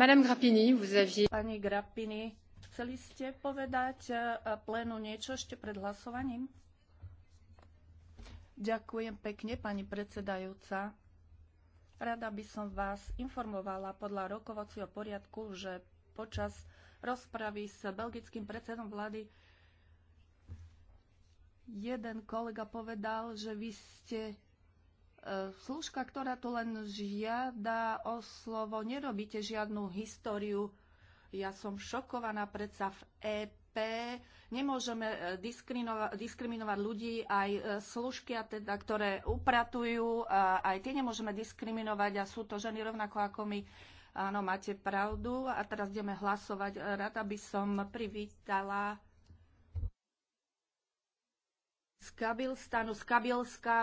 Madame Grappini, vous aviez... Pani Grappini, chceli ste povedať e, plénu niečo ešte pred hlasovaním? Ďakujem pekne, pani predsedajúca. Rada by som vás informovala podľa rokovacieho poriadku, že počas rozpravy s belgickým predsedom vlády jeden kolega povedal, že vy ste služka, ktorá tu len žiada o slovo, nerobíte žiadnu históriu. Ja som šokovaná predsa v EP. Nemôžeme e, diskriminovať, diskriminovať ľudí aj e, služky, a teda, ktoré upratujú. A aj tie nemôžeme diskriminovať a sú to ženy rovnako ako my. Áno, máte pravdu. A teraz ideme hlasovať. Rada by som privítala kabilstanu, z Skabilská.